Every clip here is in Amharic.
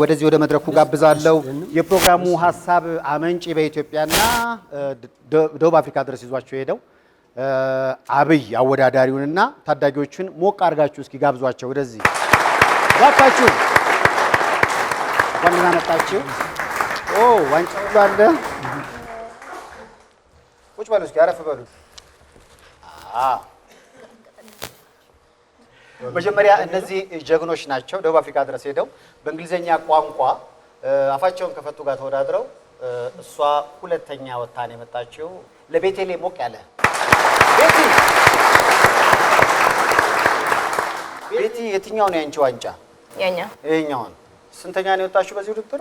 ወደዚህ ወደ መድረኩ ጋብዛለሁ። የፕሮግራሙ ሀሳብ አመንጭ በኢትዮጵያና ደቡብ አፍሪካ ድረስ ይዟቸው ሄደው አብይ አወዳዳሪውንና ታዳጊዎቹን ሞቅ አድርጋችሁ እስኪ ጋብዟቸው። ወደዚህ ባካችሁ ዋንና መጣችሁ። ኦ ዋንጫ ሁሉ አለ። ቁጭ በሉ እስኪ፣ አረፍ በሉ። መጀመሪያ እነዚህ ጀግኖች ናቸው ደቡብ አፍሪካ ድረስ ሄደው በእንግሊዝኛ ቋንቋ አፋቸውን ከፈቱ ጋር ተወዳድረው እሷ ሁለተኛ ወታን የመጣችው ለቤቴሌ ሞቅ ያለ ቤቲ፣ የትኛው ነው ያንቺ ዋንጫ? ይሄኛውን። ስንተኛ ነው የወጣችሁ በዚህ ውድድር?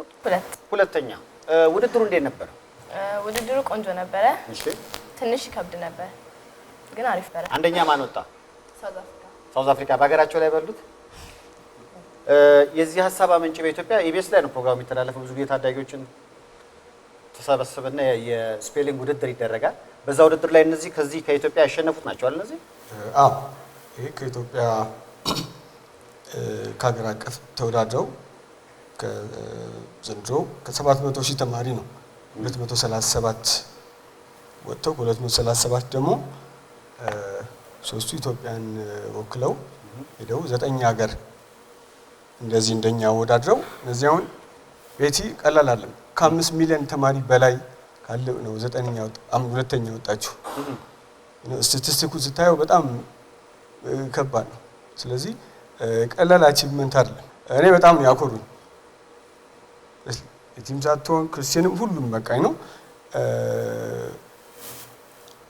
ሁለተኛ። ውድድሩ እንዴት ነበረ? ውድድሩ ቆንጆ ነበረ። ትንሽ ከብድ ነበር ግን አሪፍ ነበረ። አንደኛ ማን ወጣ? ሳውዝ አፍሪካ በሀገራቸው ላይ በሉት። የዚህ ሀሳብ አመንጭ በኢትዮጵያ ኢቢኤስ ላይ ነው ፕሮግራሙ የሚተላለፈው። ብዙ ጊዜ ታዳጊዎችን ተሰበስብና የስፔሊንግ ውድድር ይደረጋል። በዛ ውድድር ላይ እነዚህ ከዚህ ከኢትዮጵያ ያሸነፉት ናቸው። እነዚህ አዎ፣ ይህ ከኢትዮጵያ ከሀገር አቀፍ ተወዳድረው ዘንድሮ ከሰባት መቶ ሺህ ተማሪ ነው ሁለት መቶ ሰላሳ ሰባት ወጥተው ከሁለት መቶ ሰላሳ ሰባት ደግሞ ሶስቱ ኢትዮጵያን ወክለው ሄደው ዘጠኝ ሀገር እንደዚህ እንደኛ ወዳድረው እነዚህ አሁን ቤቲ ቀላል አለም ከአምስት ሚሊዮን ተማሪ በላይ ካለ ነው ዘጠነኛ ሁለተኛ ወጣችሁ። ስታቲስቲኩን ስታየው በጣም ከባድ ነው። ስለዚህ ቀላል አቺቭመንት አይደለም። እኔ በጣም ነው ያኮሩኝ። የቲም ሳትሆን ክርስቲያንም ሁሉም በቃኝ ነው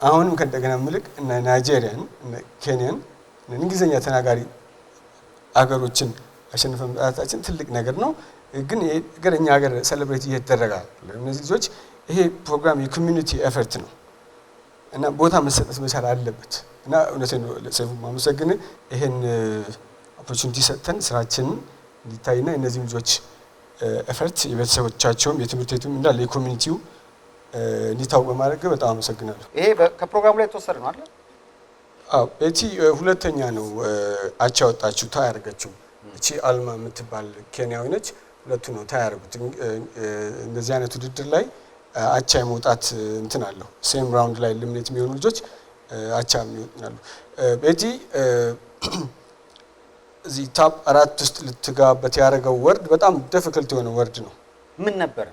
አሁንም ከእንደገና ምልክ እነ ናይጄሪያን፣ እነ ኬንያን፣ እንግሊዝኛ ተናጋሪ አገሮችን አሸንፈን መጣታችን ትልቅ ነገር ነው። ግን ነገር ሀገር ሴሌብሬት እየተደረገ እነዚህ ልጆች ይሄ ፕሮግራም የኮሚኒቲ ኤፈርት ነው እና ቦታ መሰጠት መቻል አለበት እና ነው። ሰይፉ ማመሰግን ይሄን ኦፖርቹኒቲ ሰጥተን ስራችንን እንዲታይና እነዚህም ልጆች ኤፈርት የቤተሰቦቻቸውም የትምህርት ቤቱም እንዳለ የኮሚኒቲው እንዲታወቅ በማድረግ በጣም አመሰግናለሁ። ይሄ ከፕሮግራሙ ላይ የተወሰደ ነው አለ። አዎ። እቺ ሁለተኛ ነው አቻ ወጣችሁ ታ ያደረገችው እቺ አልማ የምትባል ኬንያዊ ነች። ሁለቱ ነው ታ ያደረጉት። እንደዚህ አይነት ውድድር ላይ አቻ የመውጣት እንትን አለው። ሴም ራውንድ ላይ ልምኔት የሚሆኑ ልጆች አቻ ይወጣሉ። ቤቲ እዚህ ታፕ አራት ውስጥ ልትገባበት ያደረገው ወርድ በጣም ደፍክልት የሆነ ወርድ ነው። ምን ነበረ?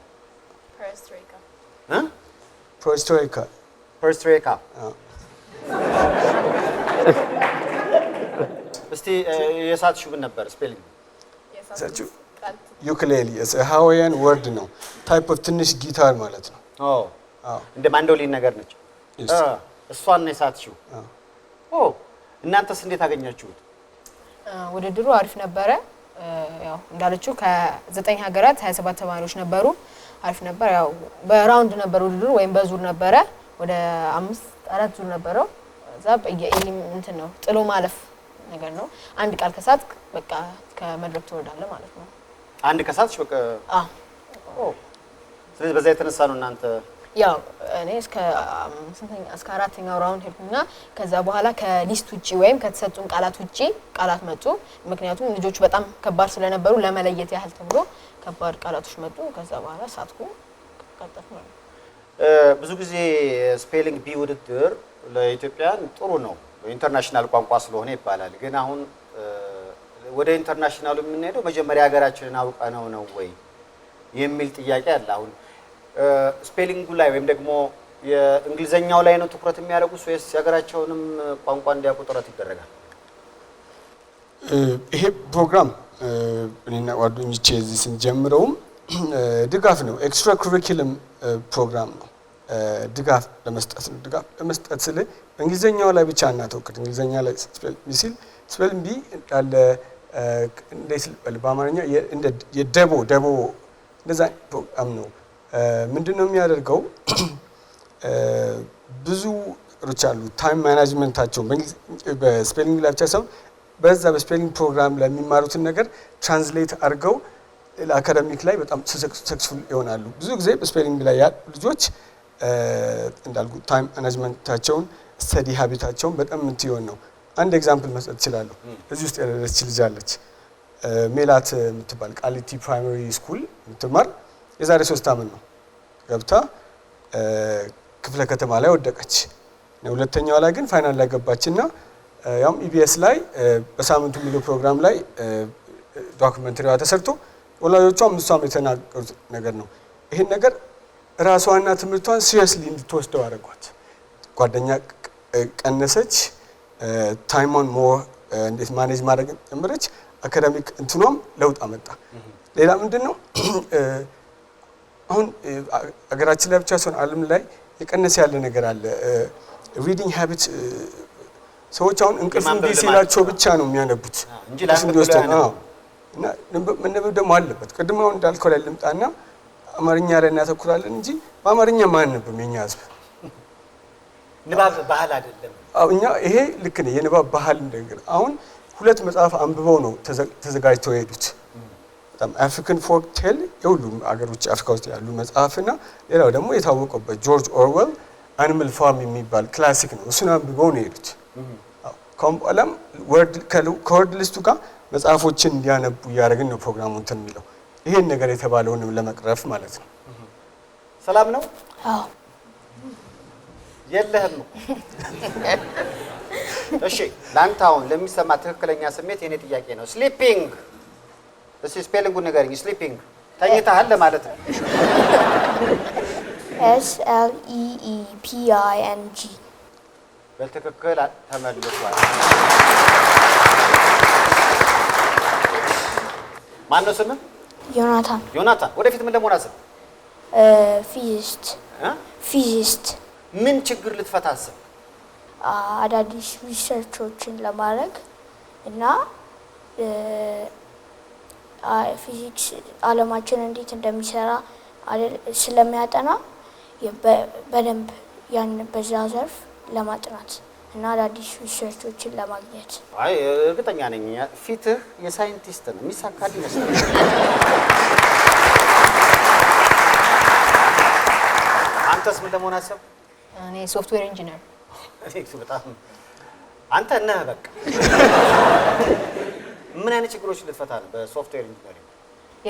ፕሮስቶሪካ ፕሮስቶሪካ። እስቲ የሳትሽው ምን ነበር? ስፔሊንግ ዩክሌሊ ሃዋይያን ወርድ ነው። ታይፕ ኦፍ ትንሽ ጊታር ማለት ነው። እንደ ማንዶሊን ነገር ነች። እሷን የሳትሽው። እናንተስ እንዴት አገኛችሁት? ውድድሩ አሪፍ ነበረ። ያው እንዳለችው ከዘጠኝ ሀገራት 27 ተማሪዎች ነበሩ። አሪፍ ነበር። ያው በራውንድ ነበር ውድድሩ ወይም በዙር ነበረ። ወደ አምስት አራት ዙር ነበረው። እዛ እንትን ነው ጥሎ ማለፍ ነገር ነው። አንድ ቃል ከሳት በቃ ከመድረክ ትወርዳለህ ማለት ነው። አንድ ከሳትሽ በቃ። ስለዚህ በዛ የተነሳ ነው እናንተ ያው እኔ እስከ ስንተኛ እስከ አራተኛው ራውንድ ሄድኩና ከዛ በኋላ ከሊስት ውጪ ወይም ከተሰጡን ቃላት ውጪ ቃላት መጡ። ምክንያቱም ልጆቹ በጣም ከባድ ስለነበሩ ለመለየት ያህል ተብሎ ከባድ ቃላቶች መጡ። ከዛ በኋላ ሳትኩ ቀጠልኩ ነው። ብዙ ጊዜ ስፔሊንግ ቢ ውድድር ለኢትዮጵያን ጥሩ ነው፣ ኢንተርናሽናል ቋንቋ ስለሆነ ይባላል። ግን አሁን ወደ ኢንተርናሽናሉ የምንሄደው መጀመሪያ ሀገራችንን አውቀ ነው ወይ የሚል ጥያቄ አለ አሁን ስፔሊንጉ ላይ ወይም ደግሞ የእንግሊዘኛው ላይ ነው ትኩረት የሚያደርጉት ወይስ የሀገራቸውንም ቋንቋ እንዲያውቁ ጥረት ይደረጋል? ይሄ ፕሮግራም እኔና ጓደኞቼ እዚህ ስንጀምረውም ድጋፍ ነው። ኤክስትራ ኩሪኪለም ፕሮግራም ነው። ድጋፍ ለመስጠት ነው። ድጋፍ ለመስጠት ስል በእንግሊዘኛው ላይ ብቻ እናተወቅድ እንግሊዘኛ ላይ ሲል ስበል ቢ እንዳለ እንደ በአማርኛ እንደ የደቦ ደቦ እንደዛ ፕሮግራም ነው። ምንድን ነው የሚያደርገው? ብዙ ሮች አሉ። ታይም ማናጅመንታቸውን በስፔሊንግ ላብቻ ሰው በዛ በስፔሊንግ ፕሮግራም ለሚማሩትን የሚማሩትን ነገር ትራንስሌት አድርገው አካደሚክ ላይ በጣም ሰክስፉል ይሆናሉ። ብዙ ጊዜ በስፔሊንግ ላይ ያሉ ልጆች እንዳልኩ ታይም ማናጅመንታቸውን ስተዲ ሀቢታቸውን በጣም ምትሆን ነው። አንድ ኤግዛምፕል መስጠት እችላለሁ። እዚህ ውስጥ ያደረች ልጅ አለች፣ ሜላት የምትባል ቃሊቲ ፕራይማሪ ስኩል የምትማር የዛሬ ሶስት ዓመት ነው ገብታ ክፍለ ከተማ ላይ ወደቀች። ሁለተኛዋ ላይ ግን ፋይናል ላይ ገባችና ያውም ኢቢኤስ ላይ በሳምንቱ የሚለው ፕሮግራም ላይ ዶክመንተሪዋ ተሰርቶ ወላጆቿ እሷም የተናገሩት ነገር ነው። ይህን ነገር ራሷና ትምህርቷን ሲሪየስሊ እንድትወስደው አድርጓት። ጓደኛ ቀነሰች፣ ታይሞን ሞ እንዴት ማኔጅ ማድረግ ጀመረች። አካዳሚክ እንትኖም ለውጥ አመጣ። ሌላ ምንድን ነው አሁን አገራችን ላይ ብቻ ሲሆን ዓለም ላይ የቀነሰ ያለ ነገር አለ። ሪዲንግ ሀቢት ሰዎች አሁን እንቅልፍ እምቢ ሲላቸው ብቻ ነው የሚያነቡት እንዲወስደ እና መነበብ ደግሞ አለበት። ቅድም አሁን እንዳልከው ላይ ልምጣና አማርኛ ላይ እናተኩራለን እንጂ በአማርኛ ማንብም የኛ ህዝብ ንባብ ባህል አይደለም። እኛ ይሄ ልክ ነው የንባብ ባህል እንደግ አሁን ሁለት መጽሐፍ አንብበው ነው ተዘጋጅተው የሄዱት በጣም አፍሪካን ፎክ ቴል የሁሉም አገሮች አፍሪካ ውስጥ ያሉ መጽሐፍና ሌላው ደግሞ የታወቀበት ጆርጅ ኦርዌል አኒማል ፋርም የሚባል ክላሲክ ነው። እሱን አንብበው ነው የሄዱት። ከኋላም ከወርድ ሊስቱ ጋር መጽሐፎችን እንዲያነቡ እያደረግን ነው ፕሮግራሙ እንትን የሚለው ይሄን ነገር የተባለውንም ለመቅረፍ ማለት ነው። ሰላም ነው። አዎ የለህም። እሺ፣ ላንተ አሁን ለሚሰማ ትክክለኛ ስሜት የኔ ጥያቄ ነው ስሊፒንግ እስቲ ስፔሊንጉን ንገሪኝ። ስሊፒንግ ተኝተሃል ለማለት ነው። ኤስ ኤል ኢ ኢ ፒ አይ ኤን ጂ በትክክል ተመልሷል። ማን ነው ስምህ? ዮናታን። ዮናታን ወደፊት ምን ለመሆን አስብ? ፊዚስት። ፊዚስት። ምን ችግር ልትፈታ አስብ? አዳዲስ ሪሰርቾችን ለማድረግ እና ፊዚክስ አለማችን እንዴት እንደሚሰራ ስለሚያጠና በደንብ ያን በዛ ዘርፍ ለማጥናት እና አዳዲስ ሪሰርቾችን ለማግኘት። አይ እርግጠኛ ነኝ ፊትህ የሳይንቲስት ነው የሚሳካል ይመስላል። አንተስ ምን ለመሆን አሰብ? እኔ ሶፍትዌር ኢንጂነር። በጣም አንተ እነህ በቃ ምን አይነት ችግሮች ልትፈታ ነው በሶፍትዌር ኢንጂነሪንግ?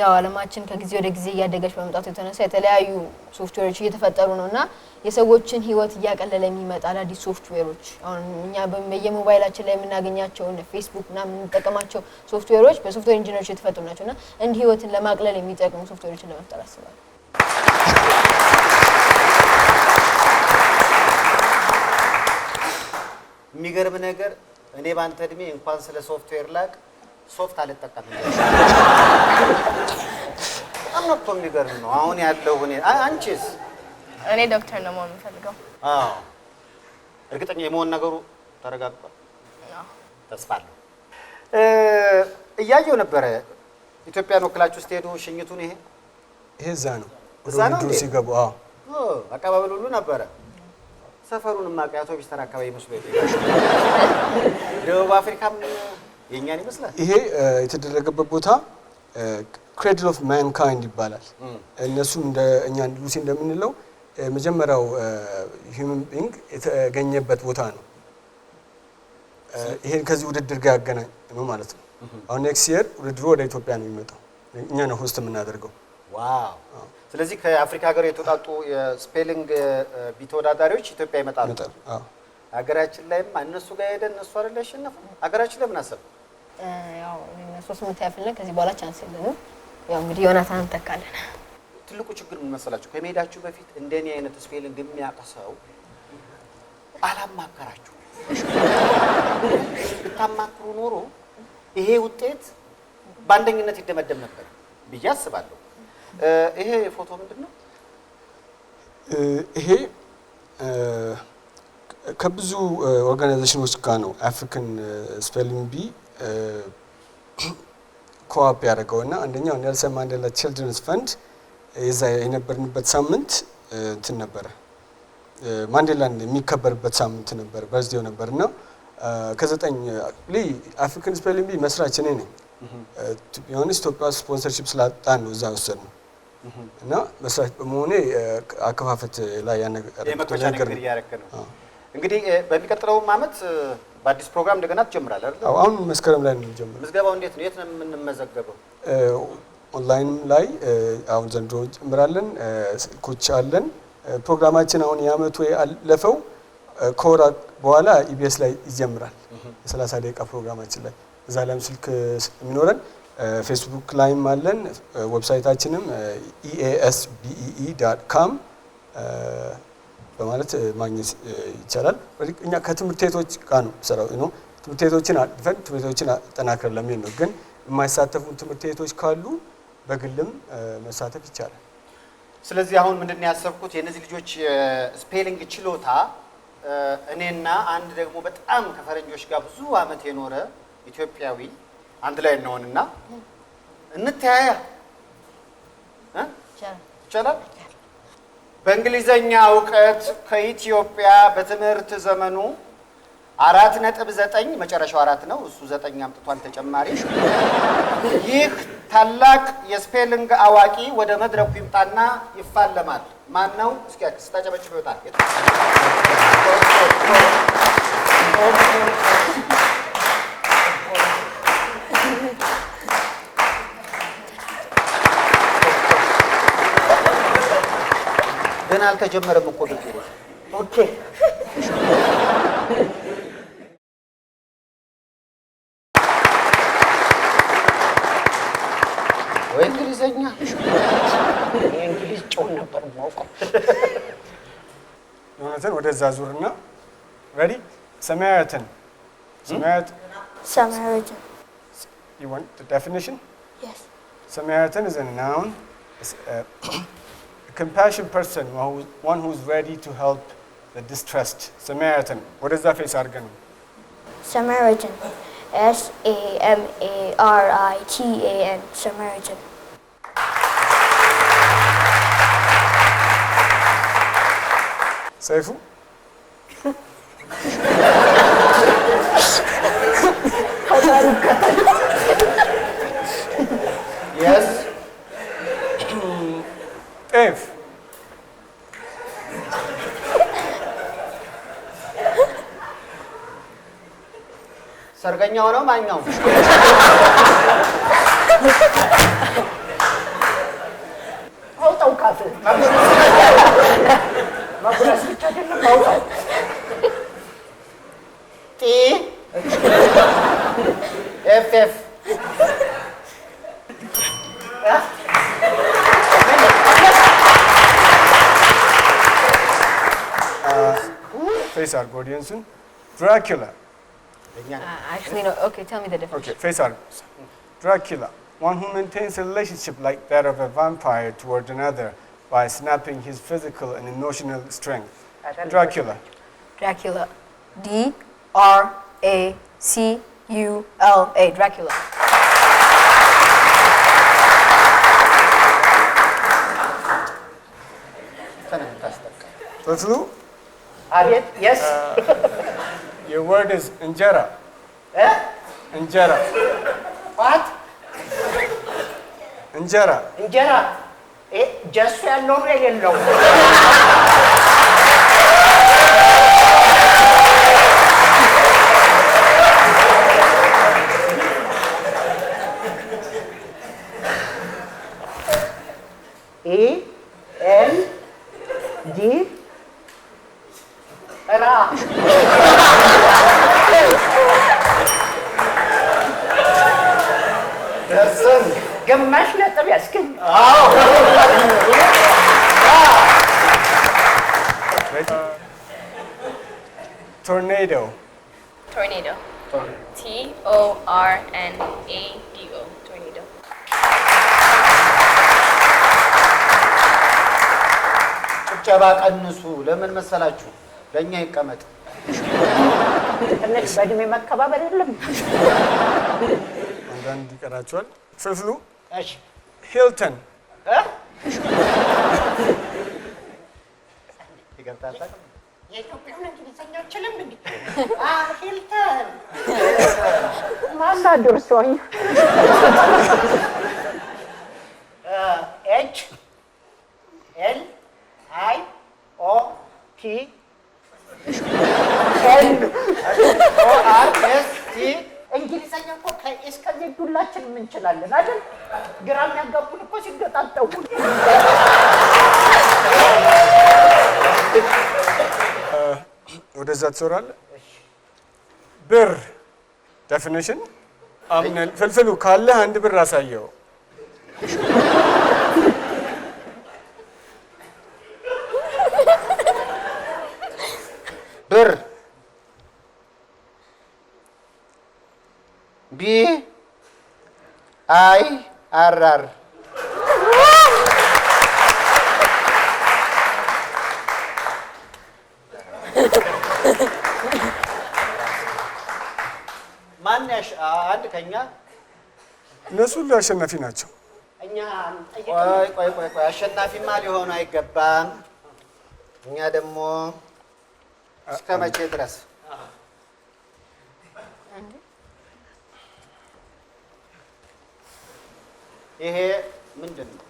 ያው አለማችን ከጊዜ ወደ ጊዜ እያደገች በመምጣቱ የተነሳ የተለያዩ ሶፍትዌሮች እየተፈጠሩ ነው እና የሰዎችን ህይወት እያቀለለ የሚመጣ አዳዲስ ሶፍትዌሮች አሁን እኛ በየሞባይላችን ላይ የምናገኛቸው ፌስቡክ ና የምንጠቀማቸው ሶፍትዌሮች በሶፍትዌር ኢንጂነሮች የተፈጠሩ ናቸው እና እንዲህ ህይወትን ለማቅለል የሚጠቅሙ ሶፍትዌሮችን ለመፍጠር አስባል። የሚገርም ነገር እኔ በአንተ እድሜ እንኳን ስለ ሶፍትዌር ላቅ ሶፍት አልጠቀምም። በጣም ነው እኮ የሚገርም ነው አሁን ያለው ሁኔታ። አንቺስ? እኔ ዶክተር ነው መሆን የምፈልገው። አዎ፣ እርግጠኛ የመሆን ነገሩ ተረጋግጧል። ተስፋ አለው። እያየው ነበረ ኢትዮጵያን ወክላችሁ ስትሄዱ ሽኝቱን። ይሄ ይሄ እዛ ነው እዛ ነው ሲገቡ። አዎ፣ አቀባበል ሁሉ ነበረ። ሰፈሩን ማቀያቶ ቢስተር አካባቢ መስሎ ደቡብ አፍሪካም የኛን ይመስላል። ይሄ የተደረገበት ቦታ ክሬድል ኦፍ ማንካይንድ ይባላል። እነሱም እንደ እኛ ሉሲ እንደምንለው የመጀመሪያው ሂውመን ቢንግ የተገኘበት ቦታ ነው። ይሄን ከዚህ ውድድር ጋር ያገናኝ ነው ማለት ነው። አሁን ኔክስት ይር ውድድሩ ወደ ኢትዮጵያ ነው የሚመጣው። እኛ ነው ሆስት የምናደርገው። ስለዚህ ከአፍሪካ ሀገር የተውጣጡ የስፔሊንግ ቢ ተወዳዳሪዎች ኢትዮጵያ ይመጣሉ። አገራችን ላይም እነሱ ጋር ሄደን እነሱ አይደል ያሸነፉ። ሀገራችን ለምን አሰብ ያው ሶስት መቶ ያፍልና ከዚህ በኋላ ቻንስ የለንም። ያው እንግዲህ ዮናታን እንተካለን። ትልቁ ችግር ምን መሰላችሁ? ከመሄዳችሁ በፊት እንደኔ አይነት ስፔል እንደሚያውቅ ሰው አላማከራችሁ። ብታማክሩ ኖሮ ይሄ ውጤት በአንደኝነት ይደመደም ነበር ብዬ አስባለሁ። ይሄ ፎቶ ምንድን ነው? ይሄ ከብዙ ኦርጋናይዜሽኖች ጋር ነው አፍሪካን ስፔሊንግ ቢ ኮዋፕ ያደረገው እና አንደኛው ኔልሰን ማንዴላ ቺልድረንስ ፈንድ የዛ የነበርንበት ሳምንት እንትን ነበረ ማንዴላን የሚከበርበት ሳምንት ነበር፣ በርዝዴው ነበር እና ከዘጠኝ ላይ አፍሪካን ስፔሊንግ ቢ መስራች እኔ ነኝ። ቢሆንስ ኢትዮጵያ ስፖንሰርሺፕ ስላጣ ነው እዛ ወሰድ ነው እና መስራች በመሆኔ አከፋፈት ላይ ያነገር ነው። እንግዲህ በሚቀጥለውም አመት በአዲስ ፕሮግራም እንደገና ትጀምራለህ አሁን መስከረም ላይ ነው የሚጀምረው። ምዝገባው እንዴት ነው? የት ነው የምንመዘገበው? ኦንላይን ላይ አሁን ዘንድሮ እንጀምራለን። ስልኮች አለን። ፕሮግራማችን አሁን የአመቱ ያለፈው ከወራ በኋላ ኢቢኤስ ላይ ይጀምራል። የሰላሳ ደቂቃ ፕሮግራማችን ላይ እዛ ላይም ስልክ የሚኖረን ፌስቡክ ላይም አለን። ዌብሳይታችንም ኢኤኤስ ቢኢኢ ዳት ካም በማለት ማግኘት ይቻላል። እኛ ከትምህርት ቤቶች ጋር ነው ሰራው ነው ትምህርት ቤቶችን አድፈን ትምህርት ቤቶችን አጠናክረን ለሚሄድ ነው። ግን የማይሳተፉ ትምህርት ቤቶች ካሉ በግልም መሳተፍ ይቻላል። ስለዚህ አሁን ምንድን ነው ያሰብኩት የእነዚህ ልጆች ስፔሊንግ ችሎታ እኔና አንድ ደግሞ በጣም ከፈረንጆች ጋር ብዙ አመት የኖረ ኢትዮጵያዊ አንድ ላይ እንሆንና እንተያያ ይቻላል በእንግሊዘኛ እውቀት ከኢትዮጵያ በትምህርት ዘመኑ አራት ነጥብ ዘጠኝ መጨረሻው አራት ነው። እሱ ዘጠኝ አምጥቷል ተጨማሪ። ይህ ታላቅ የስፔሊንግ አዋቂ ወደ መድረኩ ይምጣና ይፋለማል። ማን ነው? እስኪ ይወጣል። ገና አልተጀመረም እኮ ብዬ ኦኬ ወይ እንግሊዘኛ እንግሊዝ ጮን ነበር የማውቀው። ዮናታን ወደዛ ዙርና ረዲ ሰማያትን ሰማያት ሰማያትን you want the definition yes ሰማያትን is a noun compassion person, one who's ready to help the distressed. Samaritan. What is that face argan? Samaritan. S A M A R I T A N. Samaritan. Saifu? yes? Senhora vai não. Volta o café. Mas por assim que tá não volta. T. F, F. face ah, our audience in Dracula. actually, no. Okay, tell me the difference. Okay, Faisal. Dracula, one who maintains a relationship like that of a vampire toward another by snapping his physical and emotional strength. Dracula. Dracula. D R A C U L A. Dracula. Fantastic. Let's do. Yes. Your word is injera. Eh? Injera. What? Injera. Injera. Eh, just say no regal long. E, N, G, R. tornado. Tornado. T O R N A D O. Tornado. ጭብጨባ ቀንሱ። ለምን መሰላችሁ? ለእኛ ይቀመጥ። በእድሜ መከባበር የለም። አንዳንድ ይቀራቸዋል። ፍፍሉ ሂልተን ማና ደርሶኝ ኤች ኤል አይ ኦ ፒ ኤን ኦ ቲ እንግሊዘኛ እኮ ከኤስከ ዜድ የምንችላለን አይደል? ግራ የሚያጋቡን እኮ ሲገጣጠሙ ወደዛ ትዞራለህ። ብር ዴፊኒሽን አምነን ፍልፍሉ ካለህ አንድ ብር አሳየው። ብር ቢ አይ አር አንድ ከኛ እነሱ ሁሉ አሸናፊ ናቸው። እኛ ቆይ ቆይ ቆይ ቆይ አሸናፊማ ሊሆኑ አይገባም። እኛ ደግሞ እስከ መቼ ድረስ ይሄ ምንድን ነው?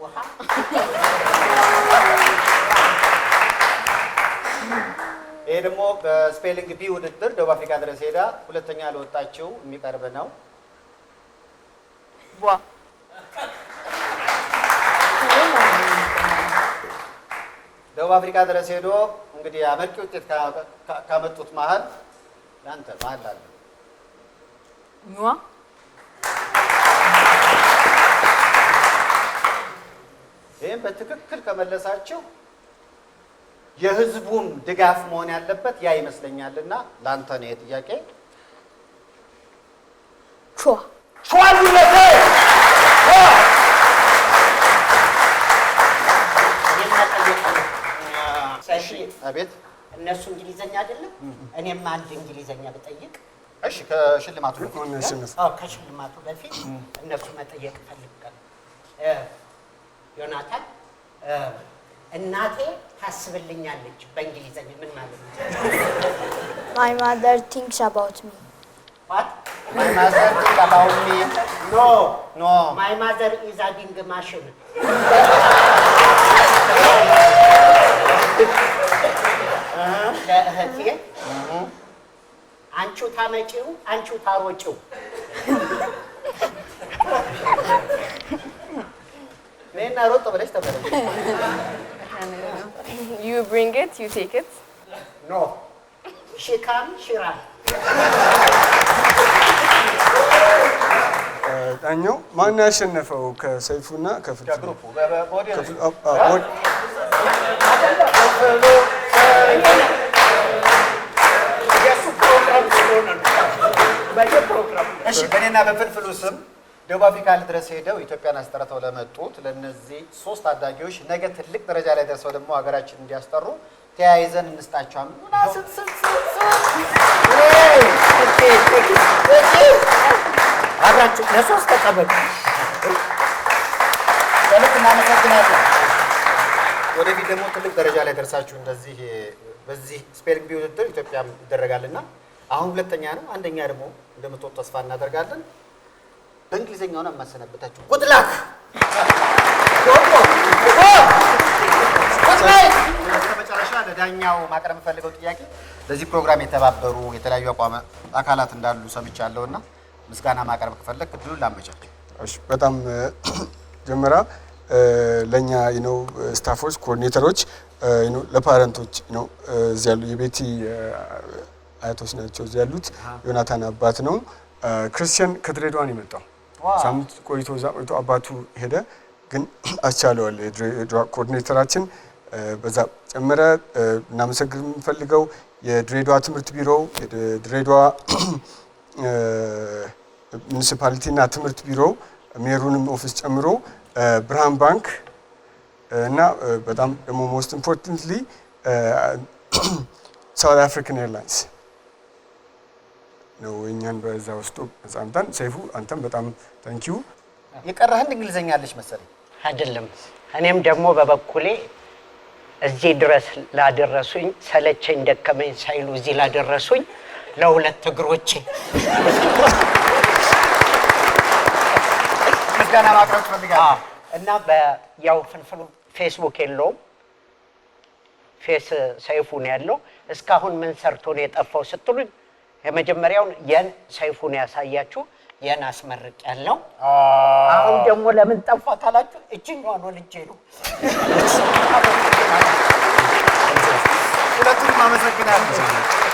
ውሃ ይሄ ደግሞ በስፔሊንግ ቢ ውድድር ደቡብ አፍሪካ ድረስ ሄዳ ሁለተኛ ለወጣችው የሚቀርብ ነው። ደቡብ አፍሪካ ድረስ ሄዶ እንግዲህ አመርቂ ውጤት ካመጡት መሀል ለአንተ መሀል አለ ይህም በትክክል ከመለሳችሁ የህዝቡም ድጋፍ መሆን ያለበት ያ ይመስለኛል። እና ለአንተ ነው የጥያቄ ቤት እነሱ እንግሊዘኛ አይደለም። እኔም አንድ እንግሊዘኛ ብጠይቅ እሺ። ከሽልማቱ ከሽልማቱ በፊት እነሱ መጠየቅ እፈልጋለሁ። ዮናታን እናቴ ታስብልኛለች። በእንግሊዘኛ ምን ማለት ነው? ማይ ማዘር ቲንክስ አባውት ሚ ማይ ማዘር ቲንክስ አባውት ሚ ኖ ኖ ማይ ማዘር ኢዝ አ ዲንግ ማሽን ለእህቴ አንቺው ታመጪው አንቺው ታሮጪው እኔና ሮጥ ብለሽ ተበረ you bring it, you take it? No. She come, she run. ዳኛው ማን ያሸነፈው? ከሰይፉና ከፍል እሺ፣ በእኔና በፍልፍሉ ስም ደቡብ አፍሪካ ድረስ ሄደው ኢትዮጵያን አስጠርተው ለመጡት ለነዚህ ሶስት ታዳጊዎች ነገ ትልቅ ደረጃ ላይ ደርሰው ደግሞ ሀገራችን እንዲያስጠሩ ተያይዘን እንስጣቸዋል። አብራችሁ ለሶስት ተቀበሉ። እናመሰግናለን። ወደፊት ደግሞ ትልቅ ደረጃ ላይ ደርሳችሁ እንደዚህ በዚህ ስፔሊንግ ቢውድድር ኢትዮጵያ ይደረጋልና አሁን ሁለተኛ ነው። አንደኛ ደግሞ እንደምትወጡ ተስፋ እናደርጋለን። በእንግሊዝኛው ነው የማሰናበታችሁ። ጉድላክ ለዳኛው ማቅረብ የምፈልገው ጥያቄ ለዚህ ፕሮግራም የተባበሩ የተለያዩ አቋም አካላት እንዳሉ ሰምቻለሁ እና ምስጋና ማቅረብ ከፈለግ ክድሉ ላመቻቸው። በጣም ጀመሪያ ለእኛ ነው ስታፎች፣ ኮኦርዲኔተሮች ለፓረንቶች ነው እዚህ ያሉ የቤቲ አያቶች ናቸው እዚህ ያሉት። ዮናታን አባት ነው። ክርስቲያን ከድሬዳዋን የመጣው ሳምንት ቆይቶ እዛ ቆይቶ አባቱ ሄደ። ግን አስቻለዋል። ኮኦርዲኔተራችን በዛ ጨምረ እናመሰግን የምንፈልገው የድሬዳዋ ትምህርት ቢሮ የድሬዳዋ ሙኒሲፓሊቲና ትምህርት ቢሮ ሜሩንም ኦፊስ ጨምሮ ብርሃን ባንክ እና በጣም ደግሞ ሞስት ኢምፖርታንትሊ ሳውት አፍሪካን ኤርላይንስ ነው እኛን በዛ ውስጡ መጻምጣን ሰይፉ፣ አንተም በጣም ታንኪዩ። የቀረህ እንግሊዘኛ አለች መሰለኝ አይደለም? እኔም ደግሞ በበኩሌ እዚህ ድረስ ላደረሱኝ ሰለቸኝ ደከመኝ ሳይሉ እዚህ ላደረሱኝ ለሁለት እግሮቼ ምስጋና ማቅረብ ፈልጋለሁ እና በያው ፍልፍሉ ፌስቡክ የለውም ፌስ ሰይፉ ነው ያለው። እስካሁን ምን ሰርቶ ነው የጠፋው ስትሉኝ የመጀመሪያውን የን ሰይፉን ያሳያችሁ የን አስመርቅ ያለው አሁን ደግሞ ለምን ጠፋ ካላችሁ እችኛዋን ወልጄ ነው። ሁለቱንም አመሰግናለሁ።